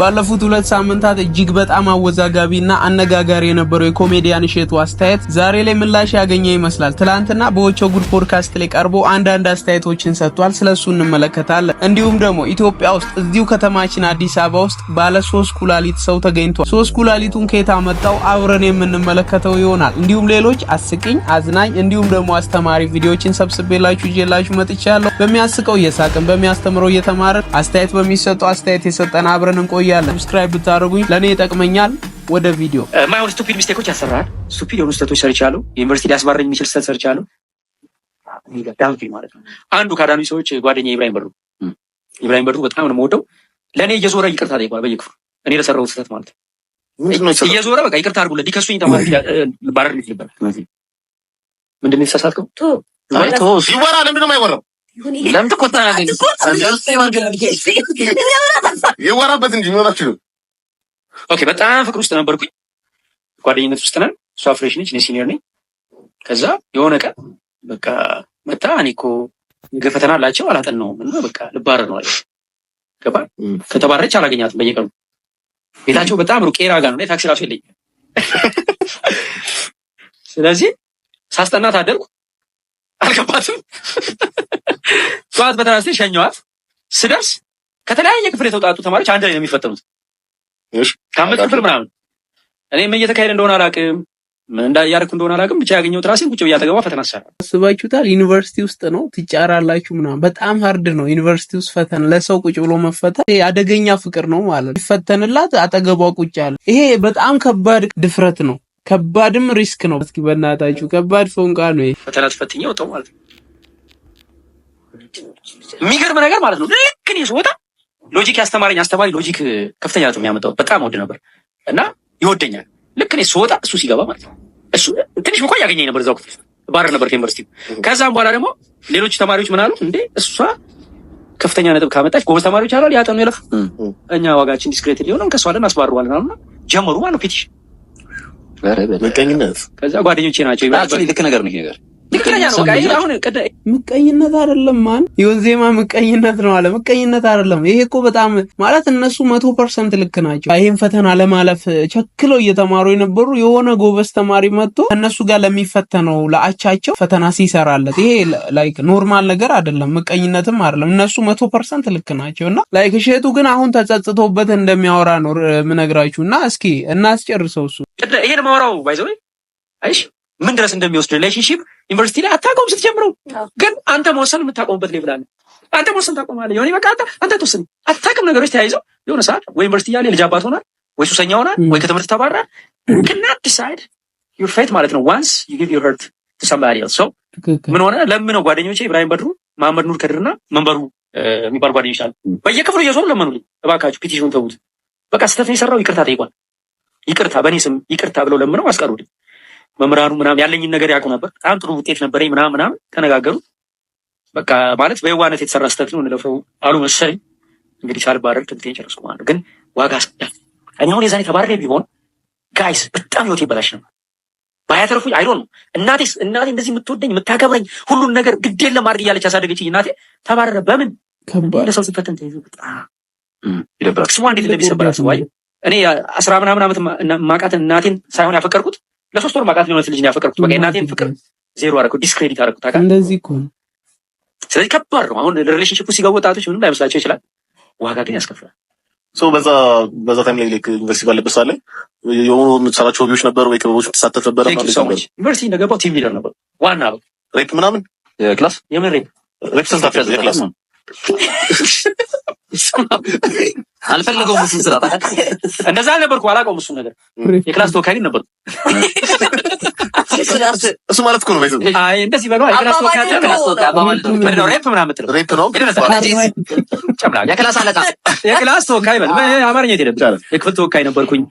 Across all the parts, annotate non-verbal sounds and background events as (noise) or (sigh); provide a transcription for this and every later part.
ባለፉት ሁለት ሳምንታት እጅግ በጣም አወዛጋቢና አነጋጋሪ የነበረው የኮሜዲያን እሸቱ አስተያየት ዛሬ ላይ ምላሽ ያገኘ ይመስላል። ትላንትና በወቾ ጉድ ፖድካስት ላይ ቀርቦ አንዳንድ አስተያየቶችን ሰጥቷል። ስለሱ እንመለከታለን። እንዲሁም ደግሞ ኢትዮጵያ ውስጥ እዚሁ ከተማችን አዲስ አበባ ውስጥ ባለ ሶስት ኩላሊት ሰው ተገኝቷል። ሶስት ኩላሊቱን ከየት አመጣው አብረን የምንመለከተው ይሆናል። እንዲሁም ሌሎች አስቂኝ፣ አዝናኝ እንዲሁም ደግሞ አስተማሪ ቪዲዮዎችን ሰብስቤላችሁ ይዤላችሁ መጥቻለሁ። በሚያስቀው እየሳቅን በሚያስተምረው እየተማረን አስተያየት በሚሰጠው አስተያየት የሰጠን አብረን እንቆይ እንቆያለን። ሰብስክራይብ ብታደርጉኝ ለእኔ ይጠቅመኛል። ወደ ቪዲዮ ማይሆን ስቱፒድ ሚስቴኮች ያሰራል። ስቱፒድ የሆኑ ስህተቶች ሰርቻለሁ። ዩኒቨርሲቲ ሊያስባረኝ የሚችል ስህተት ሰርቻለሁ። ማለት ነው አንዱ ከአዳኑ ሰዎች ጓደኛ ኢብራሂም በሩ ኢብራሂም በሩ በጣም ነው የምወደው። ለእኔ እየዞረ ይቅርታ ጠይቋል በየክፍሉ እኔ ለሰራሁት ስህተት ማለት ነው። እየዞረ በቃ ይቅርታ አድርጉለት ሊከሱኝ ተማሪ ባረር ሚችልበት ምንድን ነው የተሳሳትከው? ይወራ ለምንድን ነው የማይወራው? ለምን ትቆጣለህ? ይወራበት እንጂ ኦኬ። በጣም ፍቅር ውስጥ ነበርኩኝ፣ ጓደኝነት ውስጥ ነን። እሷ ፍሬሽ ነች፣ እኔ ሲኒየር ነኝ። ከዛ የሆነ ቀን በቃ መጣ። እኔ እኮ ነገ ፈተና አላቸው አላጠናውም እና በቃ ልባረር ነው አለ። ገባ ከተባረች አላገኛትም። በየቀኑ ቤታቸው በጣም ሩቅ ቄራ ጋር ነው፣ ታክሲ ራሱ የለኝም። (laughs) ስለዚህ ሳስጠናት አደርኩ፣ አልገባትም ጠዋት በተራስተ ሸኘኋት። ስደርስ ከተለያየ ክፍል የተውጣጡ ተማሪዎች አንድ ላይ ነው የሚፈተኑት። ከአመት ክፍል ምናምን እኔ ምን እየተካሄደ እንደሆነ አላውቅም፣ እያደረኩ እንደሆነ አላውቅም። ብቻ ያገኘሁት ራሴን ቁጭ ብዬ አጠገቧ ፈተና ሰራ። አስባችሁታል? ዩኒቨርሲቲ ውስጥ ነው ትጫራላችሁ ምናምን። በጣም ሀርድ ነው ዩኒቨርሲቲ ውስጥ ፈተና። ለሰው ቁጭ ብሎ መፈተን አደገኛ ፍቅር ነው ማለት ነው። ይፈተንላት አጠገቧ ቁጭ አለ። ይሄ በጣም ከባድ ድፍረት ነው፣ ከባድም ሪስክ ነው። እስኪ በእናታችሁ ከባድ ፎንቃ ነው ይሄ ፈተና። ትፈትኛው ማለት ነው የሚገርም ነገር ማለት ነው። ልክ እኔ ስወጣ ሎጂክ ያስተማረኝ አስተማሪ ሎጂክ ከፍተኛ ነው የሚያመጣው በጣም ወድ ነበር እና ይወደኛል። ልክ እኔ ስወጣ እሱ ሲገባ ማለት ነው። እሱ ትንሽ እንኳን ያገኘኝ ነበር እዛው ክፍል ባህር ነበር ከዩኒቨርሲቲ። ከዛም በኋላ ደግሞ ሌሎች ተማሪዎች ምን አሉ እንዴ እሷ ከፍተኛ ነጥብ ካመጣች ጎበዝ ተማሪዎች አሉ ያጠኑ ይለፍ እኛ ዋጋችን ዲስክሬት ሊሆነ እንከሷለን አስባርዋለን አሉና ጀመሩ ማለት ነው ፔቲሽን መቀኝነት። ከዛ ጓደኞቼ ናቸው ልክ ነገር ነው ነገር ምቀኝነት አይደለም ማን ይሁን ዜማ ምቀኝነት ነው አለ። ምቀኝነት አይደለም ይሄ እኮ በጣም ማለት እነሱ መቶ ፐርሰንት ልክ ናቸው። ይህን ፈተና ለማለፍ ቸክለው እየተማሩ የነበሩ የሆነ ጎበዝ ተማሪ መጥቶ ከእነሱ ጋር ለሚፈተነው ለአቻቸው ፈተና ሲሰራለት ይሄ ላይክ ኖርማል ነገር አይደለም፣ ምቀኝነትም አይደለም። እነሱ መቶ ፐርሰንት ልክ ናቸው እና ላይክ እሸቱ ግን አሁን ተጸጽቶበት እንደሚያወራ ነው ምነግራችሁ እና እስኪ እናስጨርሰው እሱ ይሄን ማውራው ባይዘ ምን ድረስ እንደሚወስድ ሪሌሽንሽፕ ዩኒቨርሲቲ ላይ አታውቀውም። ስትጀምረው ግን አንተ መወሰን የምታቆምበት ሌቭል አለ። አንተ መወሰን ታቆማለህ። የሆነ በቃ አንተ አንተ ትወስን አታውቅም። ነገሮች ተያይዘው የሆነ ሰዓት ወይ ዩኒቨርሲቲ ያለ ልጅ አባት ሆናል፣ ወይ ሱሰኛ ሆናል፣ ወይ ከትምህርት ተባራል። ክናት ዲሳይድ ዩር ፌት ማለት ነው። ዋንስ ዩ ጊቭ ዩር ሄርት ቱ ሰምባዲ ኤልስ። ሰው ምን ሆነ ለምን ነው ጓደኞቼ ኢብራሂም በድሩ፣ መሐመድ ኑር ከድርና መንበሩ የሚባል ጓደኞች አሉ። በየክፍሉ እየዞሩ ለመኑልኝ፣ እባካችሁ ፒቲሽኑን ተዉት፣ በቃ ስህተት የሰራው ይቅርታ ጠይቋል፣ ይቅርታ በእኔ ስም ይቅርታ ብለው ለምነው አስቀሩልኝ። መምራሩ ምናምን ያለኝን ነገር ያውቁ ነበር። በጣም ጥሩ ውጤት ነበረኝ ምናምን ምናምን ተነጋገሩ። በቃ ማለት በየዋነት የተሰራ ስህተት ነው እንለፈው አሉ መሰለኝ። እንግዲህ ሳልባረር ትምህርቴን ጨርስኩ ማለት ግን ዋጋ ስዳል እኔ አሁን የዛኔ ተባረሬ ቢሆን ጋይስ በጣም ህይወት ይበላሽ ነበር። ባያተርፉኝ አይዶ ነው። እናቴ እናቴ እንደዚህ የምትወደኝ የምታከብረኝ፣ ሁሉን ነገር ግዴን ለማድረግ እያለች ያሳደገች እናቴ ተባረረ። በምን ሰው ሲፈተን ተይዞ በጣም ይደብራል። ስሟ እንዴት እንደሚሰበራት አስባይ እኔ አስራ ምናምን ዓመት ማቃትን እናቴን ሳይሆን ያፈቀርኩት ለሶስት ወር ማቃት የሆነች ልጅ ያፈቀርኩት በቃ የእናቴን ፍቅር ዜሮ አደረኩት፣ ዲስክሬዲት አደረኩት። ታውቃለህ እንደዚህ እኮ ነው። ስለዚህ ከባድ ነው። አሁን ሪሌሽንሽፕ ሲገቡ ወጣቶች ምንም ላይመስላቸው ይችላል፣ ዋጋ ግን ያስከፍላል። በዛ በዛ ታይም ላይ ዩኒቨርሲቲ ባለበት ሰዓት ላይ የሆኑ የምትሰራቸው ሆቢዎች ነበር ወይ ክበቦች የምትሳተፍ ነበር? ዩኒቨርሲቲ እንደገባው ቲም ሊደር ነበር ዋና ሬፕ ምናምን ክላስ የምን ሬፕ ሬፕ ስልታፍ የክላስ (laughs) አልፈለገውም እሱን ስራ እንደዛ ነበርኩ። አላውቀውም እሱን ነገር የክላስ ተወካይ ነበር (laughs) እሱ ማለት እኮ ነው እንደዚህ በለው። የክላስ ተወካይ ሬፕ ምናምን የክላስ አለቃ የክላስ ተወካይ በለው። አማርኛ የክፍል ተወካይ ነበርኩኝ።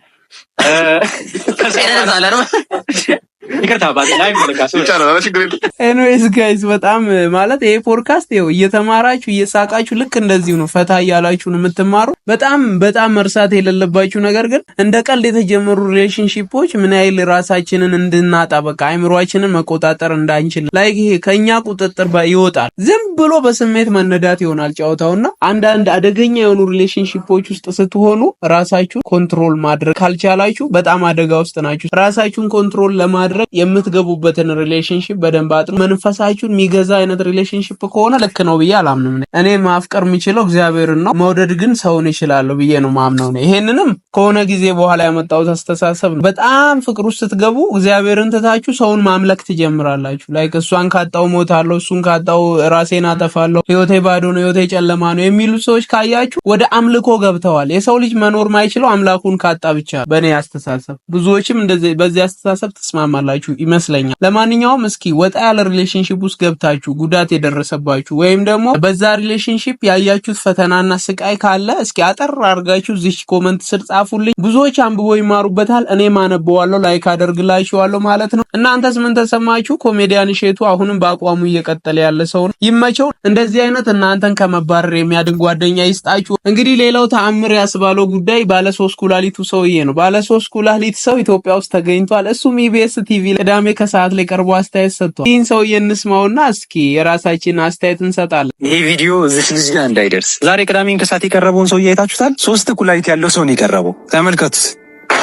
ኤኒዌይስ ጋይዝ በጣም ማለት ይሄ ፖድካስት ይኸው እየተማራችሁ እየሳቃችሁ ልክ እንደዚሁ ነው ፈታ እያላችሁ ነው የምትማሩ። በጣም በጣም መርሳት የሌለባችሁ ነገር ግን እንደ ቀልድ የተጀመሩ ሪሌሽንሺፖች ምን ያህል ራሳችንን እንድናጣ በቃ አይምሯችንን መቆጣጠር እንዳንችል ላይ ይሄ ከኛ ቁጥጥር ይወጣል። ዝም ብሎ በስሜት መነዳት ይሆናል ጨዋታውና አንዳንድ አደገኛ የሆኑ ሪሌሽንሺፖች ውስጥ ስትሆኑ ራሳችሁን ኮንትሮል ማድረግ ካልቻላችሁ በጣም አደጋ ውስጥ ናችሁ። ራሳችሁን ኮንትሮል ለማድረግ የምትገቡበትን ሪሌሽንሺፕ በደንብ አጥኑ። መንፈሳችሁን የሚገዛ አይነት ሪሌሽንሺፕ ከሆነ ልክ ነው ብዬ አላምንም። እኔ ማፍቀር የምችለው እግዚአብሔርን ነው። መውደድ ግን ሰውን ይችላሉ ብዬ ነው ማምነው ነው። ይሄንንም ከሆነ ጊዜ በኋላ ያመጣሁት አስተሳሰብ ነው። በጣም ፍቅር ውስጥ ስትገቡ እግዚአብሔርን ትታችሁ ሰውን ማምለክ ትጀምራላችሁ። ላይክ እሷን ካጣው ሞታለሁ፣ እሱን ካጣው ራሴን አጠፋለሁ፣ ህይወቴ ባዶ ነው፣ ህይወቴ ጨለማ ነው የሚሉ ሰዎች ካያችሁ ወደ አምልኮ ገብተዋል። የሰው ልጅ መኖር ማይችለው አምላኩን ካጣ ብቻ፣ በእኔ አስተሳሰብ። ብዙዎችም በዚህ አስተሳሰብ ትስማማላችሁ ይመስለኛል። ለማንኛውም እስኪ ወጣ ያለ ሪሌሽንሽፕ ውስጥ ገብታችሁ ጉዳት የደረሰባችሁ ወይም ደግሞ በዛ ሪሌሽንሽፕ ያያችሁት ፈተናና ስቃይ ካለ እስኪ አጠር አድርጋችሁ ዚች ኮመንት ስር ጻፉልኝ። ብዙዎች አንብቦ ይማሩበታል። እኔም አነበዋለሁ፣ ላይክ አደርግላችኋለሁ ማለት ነው። እናንተስ ምን ተሰማችሁ? ኮሜዲያን እሸቱ አሁንም በአቋሙ እየቀጠለ ያለ ሰው ነው። ይመቸው። እንደዚህ አይነት እናንተን ከመባረር የሚያድን ጓደኛ ይስጣችሁ። እንግዲህ ሌላው ተአምር ያስባለው ጉዳይ ባለ ሶስት ኩላሊቱ ሰውዬ ነው። ባለ ሶስት ኩላሊት ሰው ኢትዮጵያ ውስጥ ተገኝቷል። እሱም ኢቢኤስ ቲቪ ቅዳሜ ከሰዓት ላይ ቀርቦ አስተያየት ሰጥቷል። ይህን ሰውዬ እንስማውና እስኪ የራሳችን አስተያየት እንሰጣለን። ይሄ ቪዲዮ እዚች ልጅ እንዳይደርስ ዛሬ ቅዳሜን ከሰዓት የቀረበውን ሰውዬ አይታችሁታል። ሶስት ኩላሊት ያለው ሰው ነው የቀረበው። ተመልከቱት።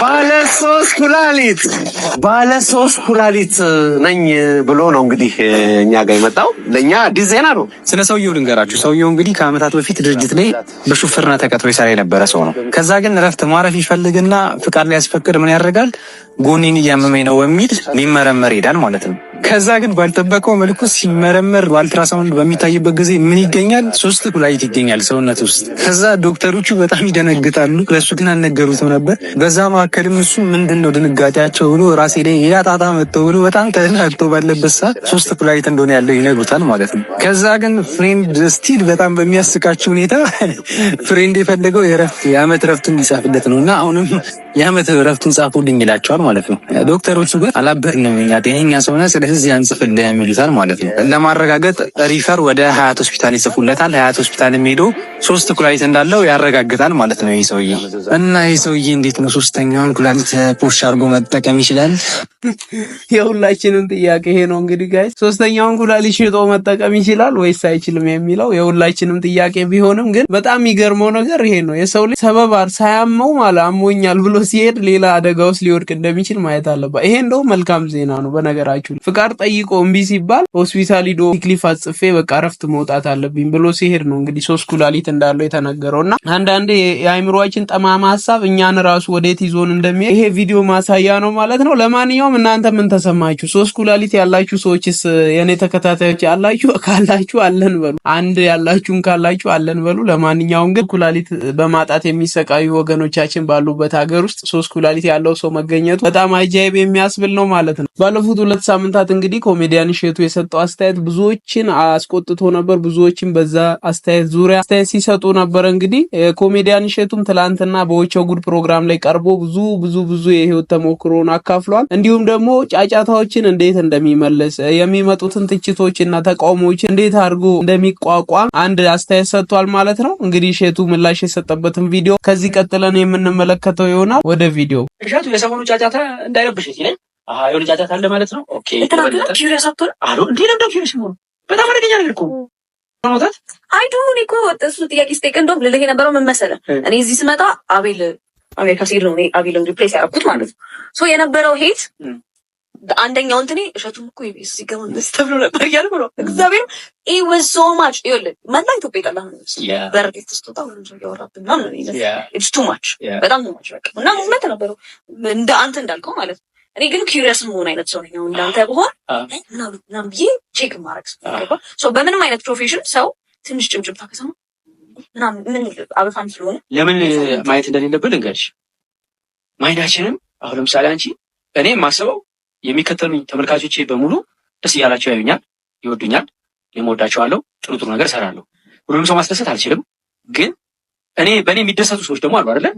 ባለ ሶስት ኩላሊት ባለ ሶስት ኩላሊት ነኝ ብሎ ነው እንግዲህ እኛ ጋር የመጣው። ለእኛ አዲስ ዜና ነው። ስለ ሰውየው ልንገራችሁ። ሰውየው እንግዲህ ከዓመታት በፊት ድርጅት ላይ በሹፍርና ተቀጥሮ ይሰራ የነበረ ሰው ነው። ከዛ ግን እረፍት ማረፍ ይፈልግና ፍቃድ ላይ ያስፈቅድ ምን ያደርጋል ጎኔን እያመመኝ ነው በሚል ሊመረመር ሄዳል ማለት ነው። ከዛ ግን ባልጠበቀው መልኩ ሲመረመር በአልትራሳውንድ በሚታይበት ጊዜ ምን ይገኛል? ሶስት ኩላሊት ይገኛል ሰውነት ውስጥ። ከዛ ዶክተሮቹ በጣም ይደነግጣሉ። ለእሱ ግን አልነገሩትም ነበር። በዛ መካከልም እሱ ምንድን ነው ድንጋጤያቸው ብሎ ራሴ ላይ ያጣጣ መጥተው ብሎ በጣም ተናግቶ ባለበት ሰዓት ሶስት ኩላሊት እንደሆነ ያለው ይነግሩታል ማለት ነው። ከዛ ግን ፍሬንድ ስቲል በጣም በሚያስቃቸው ሁኔታ (laughs) ፍሬንድ የፈለገው የረፍት የአመት ረፍት እንዲጻፍለት ነው እና አሁንም የዓመት እረፍቱን ጻፉልኝ ይላቸዋል ማለት ነው። ዶክተሮቹ ግን አላበቅንም እኛ ጤነኛ ሰውነ ስለዚህ አንጽፍልህም የሚሉታል ማለት ነው። ለማረጋገጥ ሪፈር ወደ ሀያት ሆስፒታል ይጽፉለታል። ሀያት ሆስፒታል የሚሄደው ሶስት ኩላሊት እንዳለው ያረጋግጣል ማለት ነው። ይህ ሰውዬ እና ይህ ሰውዬ እንዴት ነው ሶስተኛውን ኩላሊት ፖሽ አድርጎ መጠቀም ይችላል? የሁላችንም ጥያቄ ይሄ ነው እንግዲህ ጋይ ሶስተኛውን ኩላሊት ሽጦ መጠቀም ይችላል ወይስ አይችልም የሚለው የሁላችንም ጥያቄ ቢሆንም ግን በጣም የሚገርመው ነገር ይሄ ነው። የሰው ልጅ ሰበብ ሳያመው ማለ አሞኛል ብሎ ሲሄድ ሌላ አደጋ ውስጥ ሊወድቅ እንደሚችል ማየት አለባት። ይሄ እንደውም መልካም ዜና ነው። በነገራችሁ ፍቃድ ጠይቆ እምቢ ሲባል ሆስፒታል ሂዶ ክሊፍ አጽፌ በቃ እረፍት መውጣት አለብኝ ብሎ ሲሄድ ነው እንግዲህ ሶስት ኩላሊት እንዳለው የተነገረው እና አንዳንዴ የአይምሮችን ጠማማ ሀሳብ እኛን ራሱ ወዴት ይዞን እንደሚሄድ ይሄ ቪዲዮ ማሳያ ነው ማለት ነው። ለማንኛውም እናንተ ምን ተሰማችሁ? ሶስት ኩላሊት ያላችሁ ሰዎችስ የእኔ ተከታታዮች ያላችሁ ካላችሁ አለን በሉ። አንድ ያላችሁን ካላችሁ አለን በሉ። ለማንኛውም ግን ኩላሊት በማጣት የሚሰቃዩ ወገኖቻችን ባሉበት ሀገር ውስጥ ውስጥ ሶስት ኩላሊት ያለው ሰው መገኘቱ በጣም አጃይብ የሚያስብል ነው ማለት ነው። ባለፉት ሁለት ሳምንታት እንግዲህ ኮሜዲያን እሸቱ የሰጠው አስተያየት ብዙዎችን አስቆጥቶ ነበር። ብዙዎችን በዛ አስተያየት ዙሪያ አስተያየት ሲሰጡ ነበር። እንግዲህ ኮሜዲያን እሸቱም ትላንትና በወቸው ጉድ ፕሮግራም ላይ ቀርቦ ብዙ ብዙ ብዙ የህይወት ተሞክሮን አካፍሏል። እንዲሁም ደግሞ ጫጫታዎችን እንዴት እንደሚመለስ የሚመጡትን ትችቶች እና ተቃውሞዎች እንዴት አድርጎ እንደሚቋቋም አንድ አስተያየት ሰጥቷል ማለት ነው። እንግዲህ እሸቱ ምላሽ የሰጠበትን ቪዲዮ ከዚህ ቀጥለን የምንመለከተው ይሆናል። ወደ ቪዲዮ እሸቱ የሰሞኑ ጫጫታ እንዳይረብሽ ሲለኝ የሆነ ጫጫታ አለ ማለት ነው። ኦኬ በጣም አደገኛ ነገር እኮ መውጣት አይዱ እኔ እኮ እሱ ጥያቄ ስጠይቅ እንደውም ልልህ የነበረው ምን መሰለህ፣ እኔ እዚህ ስመጣ አቤል አሜሪካ ሲሄድ ነው አቤልን ሪፕሌስ ያደረኩት ማለት ነው። ሶ የነበረው ሄት አንደኛው እንትኔ እሸቱም እኮ ኢቢኤስ ሲገባ እንደዚህ ተብሎ ነበር እያልኩ ነው። እግዚአብሔር ኢ ሶ ማች ይኸውልህ፣ መላ ኢትዮጵያ ይጠላ በረዴት ሁሉም ሰው እያወራብን ምናምን ኢትስ ቱ ማች፣ በጣም ቱ ማች በቃ። እና ነበረው እንደ አንተ እንዳልከው ማለት ነው። እኔ ግን ኪሪየስ መሆን አይነት ሰው ነኝ። እንዳንተ ah. ብሆን ah. ምናምን ብዬ ቼክ ማድረግ ah. በምንም አይነት ፕሮፌሽን ሰው ትንሽ ጭምጭምታ ከሰማ ምናምን ምን ስለሆነ ለምን ማየት እንደሌለብን እንገርሽ ማይንዳችንም አሁን ለምሳሌ አንቺ እኔ የማስበው የሚከተሉኝ ተመልካቾቼ በሙሉ ደስ እያላቸው ያዩኛል፣ ይወዱኛል፣ የምወዳቸዋለሁ፣ ጥሩ ጥሩ ነገር እሰራለሁ። ሁሉም ሰው ማስደሰት አልችልም፣ ግን እኔ በእኔ የሚደሰቱ ሰዎች ደግሞ አሉ አይደለ?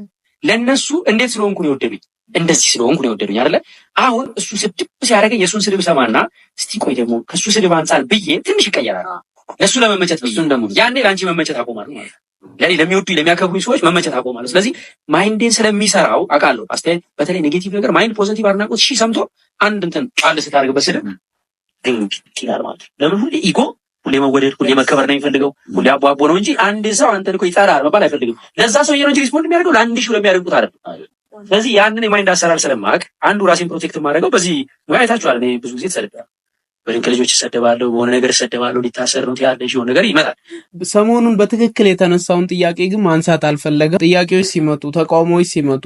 ለእነሱ እንዴት ስለሆንኩ ነው የወደዱኝ፣ እንደዚህ ስለሆንኩ ነው የወደዱኝ አይደለ? አሁን እሱ ስድብ ሲያደርገኝ የእሱን ስድብ ሰማና እስቲ ቆይ ደግሞ ከእሱ ስድብ አንጻር ብዬ ትንሽ ይቀየራል፣ ለእሱ ለመመቸት እሱን ደግሞ ያኔ ለአንቺ መመቸት አቆማል ማለት ነው። ለኔ ለሚወዱ ለሚያከብሩኝ ሰዎች መመቸት አቆማለሁ። ስለዚህ ማይንዴን ስለሚሰራው አውቃለሁ። አስተያየት በተለይ ኔጌቲቭ ነገር ማይንድ ፖዘቲቭ አድናቆት ሺህ ሰምቶ አንድ እንትን ጣል ስታደርግበት ስለ ይላል ማለት ለምን ሁሌ ኢጎ ሁሌ መወደድ ሁሌ መከበር ነው የሚፈልገው፣ ሁሌ አቦ አቦ ነው እንጂ አንድ ሰው አንተ እኮ ይጠራል መባል አይፈልግም። ለዛ ሰው ነው ሪስፖንድ የሚያደርገው ለአንድ ሺህ ለሚያደርጉት አይደለም። ስለዚህ ያንን የማይንድ አሰራር ስለማቅ አንዱ ራሴን ፕሮቴክት የማደርገው በዚህ ሙያ አይታችኋል። ብዙ ጊዜ ተሰልቤያለሁ። በድንቅ ልጆች ይሰደባለሁ፣ በሆነ ነገር ይሰደባለሁ፣ ሊታሰር ነው ያለሽ የሆነ ነገር ይመጣል። ሰሞኑን በትክክል የተነሳውን ጥያቄ ግን ማንሳት አልፈለገም። ጥያቄዎች ሲመጡ፣ ተቃውሞዎች ሲመጡ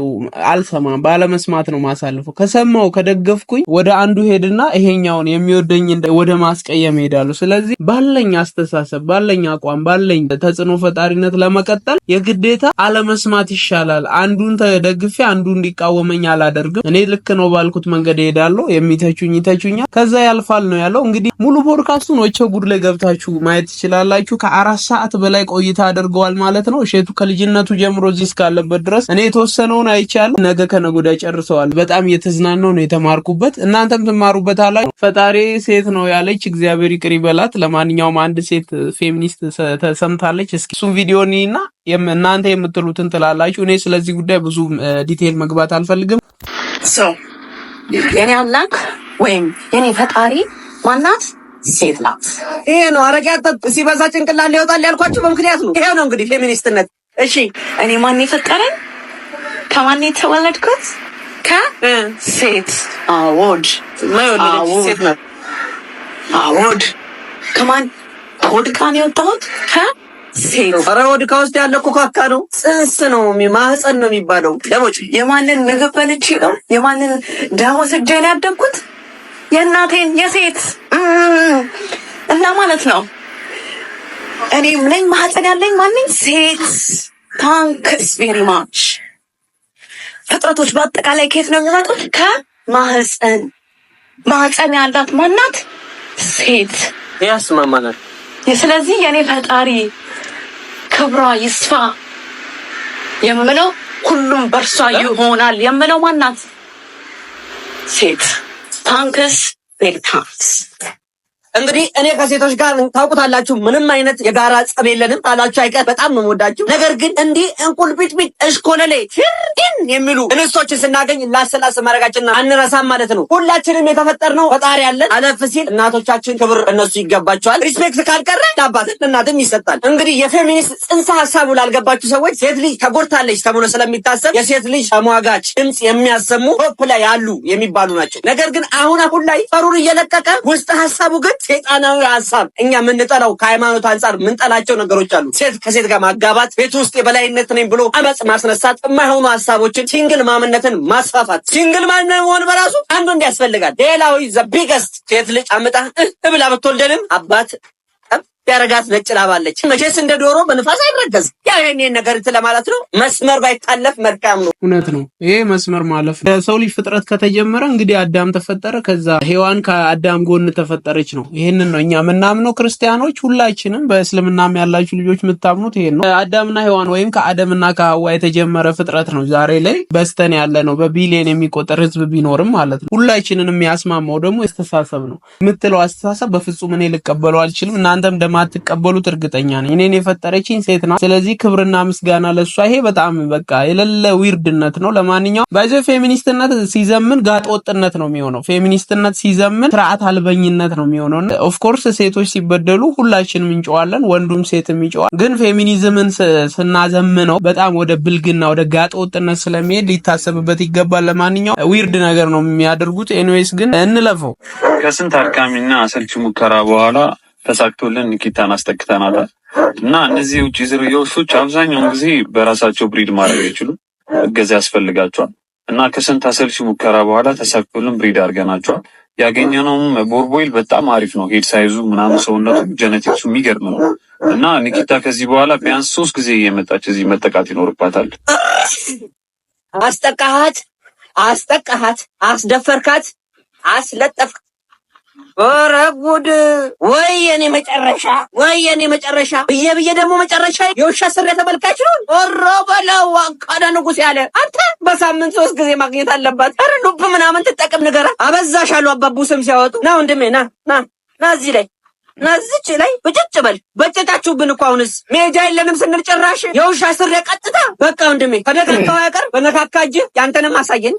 አልሰማም፣ ባለመስማት ነው ማሳልፈው። ከሰማው ከደገፍኩኝ ወደ አንዱ ሄድና ይሄኛውን የሚወደኝ ወደ ማስቀየም ሄዳሉ። ስለዚህ ባለኝ አስተሳሰብ፣ ባለኝ አቋም፣ ባለኝ ተጽዕኖ ፈጣሪነት ለመቀጠል የግዴታ አለመስማት ይሻላል። አንዱን ተደግፌ አንዱ እንዲቃወመኝ አላደርግም። እኔ ልክ ነው ባልኩት መንገድ ሄዳለሁ። የሚተቹኝ ይተቹኛል፣ ከዛ ያልፋል ነው ያለው እንግዲህ ሙሉ ፖድካስቱን ወቸ ጉድ ላይ ገብታችሁ ማየት ትችላላችሁ። ከአራት ሰዓት በላይ ቆይታ አድርገዋል ማለት ነው። እሸቱ ከልጅነቱ ጀምሮ እዚህ እስካለበት ድረስ እኔ የተወሰነውን አይቻል ነገ ከነጎዳ ጨርሰዋል። በጣም እየተዝናናው ነው የተማርኩበት፣ እናንተም ትማሩበት አላ ፈጣሪ ሴት ነው ያለች እግዚአብሔር ይቅር ይበላት። ለማንኛውም አንድ ሴት ፌሚኒስት ተሰምታለች። እስኪ እሱም ቪዲዮ ኒና እናንተ የምትሉትን ትላላችሁ። እኔ ስለዚህ ጉዳይ ብዙ ዲቴይል መግባት አልፈልግም። የኔ አምላክ ወይም የኔ ፈጣሪ ማናት? ሴት ናት። ይሄ ነው አረቄ ሲበዛ ጭንቅላት ሊወጣል ያልኳቸው በምክንያት ነው። ይሄ ነው እንግዲህ ፌሚኒስትነት። እሺ እኔ ማን የፈጠረን ከማን የተወለድኩት ከሴት አዎድ ሴት ነው አዎድ ከማን ሆድ ካን የወጣሁት ከሴት ኧረ ሆድ ካ ውስጥ ያለ ኮካካ ነው። ጽንስ ነው ማህፀን ነው የሚባለው። ለሞጭ የማንን ምግብ በልቼ ነው የማንን ደሞ ስጃ ነው ያደግኩት የእናቴን የሴት እና ማለት ነው እኔ ነኝ ማህፀን ያለኝ ማንኝ ሴት ታንክስ ቬሪ ማች። ፍጥረቶች በአጠቃላይ ከየት ነው የሚመጡት? ከማህፀን። ማህፀን ያላት ማናት? ሴት። ያስማማናል። ስለዚህ የእኔ ፈጣሪ ክብሯ ይስፋ የምለው ሁሉም በእርሷ ይሆናል የምለው ማናት? ሴት Tonkass Big Tots. እንግዲህ እኔ ከሴቶች ጋር ታውቁታላችሁ፣ ምንም አይነት የጋራ ጸብ የለንም። ጣላችሁ አይቀር በጣም ነው የምወዳችሁ። ነገር ግን እንዲህ እንቁልቢትቢት እሽኮለሌ ፊርዲን የሚሉ እንስቶችን ስናገኝ ላሰላስ ማድረጋችንና አንረሳም ማለት ነው። ሁላችንም የተፈጠርነው ፈጣሪ ያለን አለፍ ሲል እናቶቻችን ክብር እነሱ ይገባቸዋል። ሪስፔክት ካልቀረ ለአባት ለእናትም ይሰጣል። እንግዲህ የፌሚኒስት ጽንሰ ሀሳቡ ላልገባችሁ ሰዎች ሴት ልጅ ተጎድታለች ተብሎ ስለሚታሰብ የሴት ልጅ ተሟጋች ድምፅ የሚያሰሙ ቶፕ ላይ ያሉ የሚባሉ ናቸው። ነገር ግን አሁን አሁን ላይ ፈሩን እየለቀቀ ውስጥ ሀሳቡ ግን ሴጣናዊ ሀሳብ እኛ የምንጠላው ከሃይማኖት አንጻር የምንጠላቸው ነገሮች አሉ። ሴት ከሴት ጋር ማጋባት፣ ቤት ውስጥ የበላይነት ነኝ ብሎ አመፅ ማስነሳት፣ የማይሆኑ ሀሳቦችን፣ ሲንግል ማምነትን ማስፋፋት። ሲንግል ማን መሆን በራሱ አንዱ እንዲያስፈልጋል። ሌላዊ ዘ ቢገስት ሴት ልጅ አምጣ ብላ ብትወልደንም አባት ያረጋት ነጭ ላባለች። መቼስ እንደ ዶሮ በንፋስ አይረገዝ። ያው ይህን ነገር ለማለት ነው። መስመር ባይታለፍ መልካም ነው። እውነት ነው። ይሄ መስመር ማለፍ ለሰው ልጅ ፍጥረት ከተጀመረ እንግዲህ አዳም ተፈጠረ፣ ከዛ ሔዋን ከአዳም ጎን ተፈጠረች ነው። ይህንን ነው እኛ የምናምነው ክርስቲያኖች፣ ሁላችንም በእስልምናም ያላችሁ ልጆች የምታምኑት ይሄን ነው። አዳምና ሔዋን ወይም ከአደምና ከሐዋ የተጀመረ ፍጥረት ነው። ዛሬ ላይ በስተን ያለ ነው። በቢሊየን የሚቆጠር ህዝብ ቢኖርም ማለት ነው። ሁላችንን የሚያስማማው ደግሞ አስተሳሰብ ነው የምትለው አስተሳሰብ በፍጹም እኔ ልቀበለው አልችልም። እናንተም ደማ እንደማትቀበሉት እርግጠኛ ነኝ። እኔን የፈጠረችኝ ሴት ናት። ስለዚህ ክብርና ምስጋና ለሷ። ይሄ በጣም በቃ የሌለ ዊርድነት ነው። ለማንኛውም ባይዘ ፌሚኒስትነት ሲዘምን ጋጥ ወጥነት ነው የሚሆነው። ፌሚኒስትነት ሲዘምን ስርዓት አልበኝነት ነው የሚሆነው። ኦፍ ኮርስ ሴቶች ሲበደሉ ሁላችንም እንጨዋለን፣ ወንዱም ሴትም ይጨዋል። ግን ፌሚኒዝምን ስናዘምነው በጣም ወደ ብልግና ወደ ጋጦጥነት ስለሚሄድ ሊታሰብበት ይገባል። ለማንኛውም ዊርድ ነገር ነው የሚያደርጉት። ኤኒዌይስ ግን እንለፈው። ከስንት አድካሚና አሰልቺ ሙከራ በኋላ ተሳክቶልን ኒኪታን አስጠቅተናታል። እና እነዚህ የውጭ ዝርያዎች አብዛኛውን ጊዜ በራሳቸው ብሪድ ማድረግ አይችሉም፣ እገዛ ያስፈልጋቸዋል። እና ከስንት አሰልሺ ሙከራ በኋላ ተሳክቶልን ብሪድ አድርገናቸዋል። ያገኘነውም ቦርቦይል በጣም አሪፍ ነው። ሄድ ሳይዙ ምናምን ሰውነቱ ጀነቲክሱ የሚገርም ነው። እና ኒኪታ ከዚህ በኋላ ቢያንስ ሶስት ጊዜ እየመጣች እዚህ መጠቃት ይኖርባታል። አስጠቃሃት፣ አስጠቃሃት፣ አስደፈርካት፣ አስለጠፍክ ኧረ ጉድ! ወይ የኔ መጨረሻ፣ ወይ የኔ መጨረሻ ብዬ ብዬ ደግሞ መጨረሻ የውሻ ስር የተመልካች ነው። ኦሮ በለው ዋንካዳ ንጉሥ ያለ አንተ በሳምንት ሶስት ጊዜ ማግኘት አለባት። ኧረ ሉብ ምናምን ትጠቅም ንገራ አበዛሽ አሉ አባቡ ስም ሲያወጡ። ና ወንድሜ ና ና ና እዚህ ላይ ናዝች ላይ ብጭጭ በል በጭታችሁብን እኮ አሁንስ ሜጃ የለንም ስንል ጭራሽ የውሻ ስር ቀጥታ በቃ ወንድሜ ከነካካው ያቀር በነካካ እጅ ያንተንም አሳየን።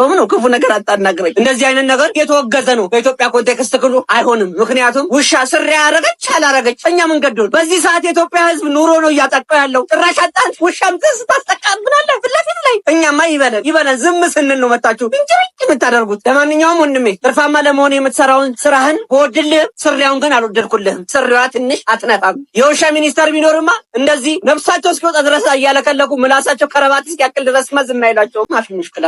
በአግባቡ ነው። ክፉ ነገር አታናግረኝ። እንደዚህ አይነት ነገር የተወገዘ ነው። በኢትዮጵያ ኮንቴክስት ክሉ አይሆንም። ምክንያቱም ውሻ ስሪ ያረገች አላረገች እኛ ምን ገደሉ? በዚህ ሰዓት የኢትዮጵያ ህዝብ ኑሮ ነው እያጠቃው ያለው። ጭራሽ አጣን ውሻም ትስ ታስጠቃብናለ ፍለፊት ላይ። እኛማ ይበለን ይበለን። ዝም ስንል ነው መታችሁ እንጭርጭ የምታደርጉት። ለማንኛውም ወንድሜ ትርፋማ ለመሆን የምትሰራውን ስራህን ወድልህ፣ ስሪያውን ግን አልወደድኩልህም። ስሪዋ ትንሽ አትነፋም። የውሻ ሚኒስተር ቢኖርማ እንደዚህ ነፍሳቸው እስኪወጣ ድረስ እያለከለኩ ምላሳቸው ከረባት እስኪያክል ድረስ ዝም አይሏቸውም። ማፊ ሙሽክላ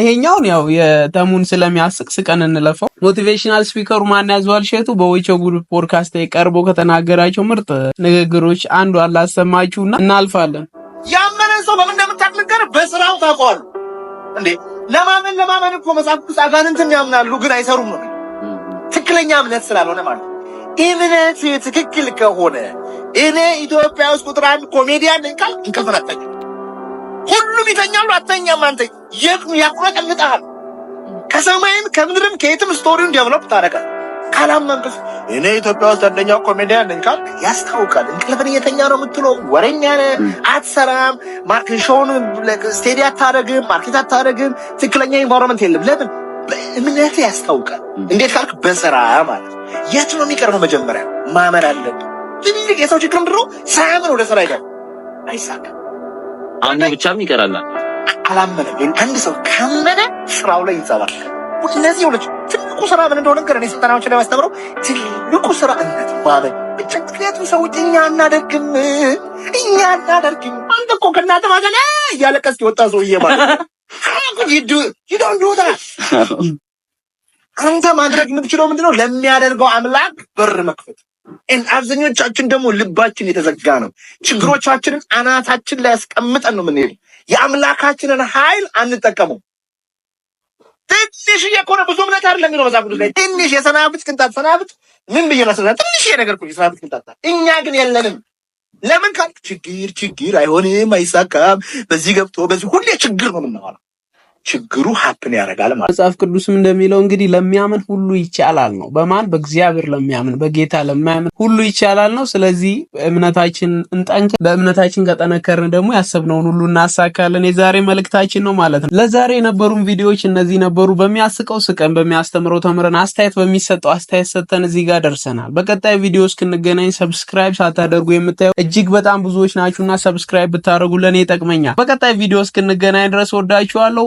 ይሄኛውን ያው የተሙን ስለሚያስቅ ስቀን እንለፈው። ሞቲቬሽናል ስፒከሩ ማን ያዘዋል? ሸቱ በወይቸው ጉድ ፖድካስት ቀርቦ ከተናገራቸው ምርጥ ንግግሮች አንዱ አላሰማችሁና እናልፋለን። ያመነን ሰው በምን እንደምታትነገር በስራው ታውቀዋል እንዴ። ለማመን ለማመን እኮ መጽሐፍ ቅዱስ አጋንንትን ያምናሉ ግን አይሰሩም ነው ትክክለኛ እምነት ስላልሆነ ማለት እምነት ትክክል ከሆነ እኔ ኢትዮጵያ ውስጥ ቁጥር አንድ ኮሜዲያን እንካል እንከፈራታቸው ሁሉም ይተኛሉ፣ አተኛም። አንተ ያቁረጠምጣል። ከሰማይም ከምድርም ከየትም ስቶሪውን ዴቨሎፕ ታደርጋል። ካላመንክስ እኔ ኢትዮጵያ ውስጥ አንደኛው ኮሜዲያን ነኝ ካል ያስታውቃል። እንቅልፍን እየተኛ ነው የምትለው፣ ወረኛ ነህ፣ አትሰራም፣ ማርኬት ሾውን ስቴዲ አታደርግም፣ ማርኬት አታደርግም፣ ትክክለኛ ኢንቫይሮንመንት የለም። ለምን እምነት ያስታውቃል። እንዴት ካልክ በስራ ማለት የት ነው የሚቀርበው? መጀመሪያ ማመር አለብን። ትልቅ የሰው ችግር ምድሮ ሳያምን ወደ ስራ ይገባ አይሳካም። አምኖ ብቻም ይቀራል። አላመነም ግን አንድ ሰው ካመነ ስራው ላይ ይጸባል። እነዚህ ሁለቱ ትልቁ ስራ ምን እንደሆነ ገረኔ ስልጠናዎች ላይ ማስተምረው ትልቁ ስራ እምነት ማመን ብቻ። ምክንያቱም ሰዎች እኛ እናደርግም እኛ እናደርግም። አንተ እኮ ከእናንተ ማገና እያለቀስ የወጣ ሰውዬ ማለት አንተ ማድረግ የምትችለው ምንድነው? ለሚያደርገው አምላክ በር መክፈት አብዛኞቻችን ደግሞ ልባችን የተዘጋ ነው። ችግሮቻችንን አናታችን ላይ ያስቀምጠን ነው የምንሄድ። የአምላካችንን ኃይል አንጠቀመው። ትንሽ የኮነ ብዙ እምነት አይደለም የሚለው መጽሐፍ ቅዱስ ላይ ትንሽ የሰናፍጭ ቅንጣት ሰናፍጭ ምን ብዬ ነስና ትንሽ የነገር ነገር የሰናፍጭ ቅንጣት። እኛ ግን የለንም። ለምን ካል ችግር ችግር አይሆንም፣ አይሳካም፣ በዚህ ገብቶ በዚህ ሁሌ ችግር ነው የምናወራው። ችግሩ ሀፕን ያደርጋል ማለት መጽሐፍ ቅዱስም እንደሚለው እንግዲህ ለሚያምን ሁሉ ይቻላል ነው። በማን በእግዚአብሔር ለሚያምን በጌታ ለሚያምን ሁሉ ይቻላል ነው። ስለዚህ እምነታችን እንጠንክ በእምነታችን ከጠነከርን ደግሞ ያሰብነውን ሁሉ እናሳካለን። የዛሬ መልእክታችን ነው ማለት ነው። ለዛሬ የነበሩን ቪዲዮዎች እነዚህ ነበሩ። በሚያስቀው ስቀን፣ በሚያስተምረው ተምረን፣ አስተያየት በሚሰጠው አስተያየት ሰጥተን እዚህ ጋር ደርሰናል። በቀጣይ ቪዲዮ እስክንገናኝ ሰብስክራይብ ሳታደርጉ የምታየው እጅግ በጣም ብዙዎች ናችሁና ሰብስክራይብ ብታደርጉ ለእኔ ይጠቅመኛል። በቀጣይ ቪዲዮ እስክንገናኝ ድረስ ወዳችኋለሁ።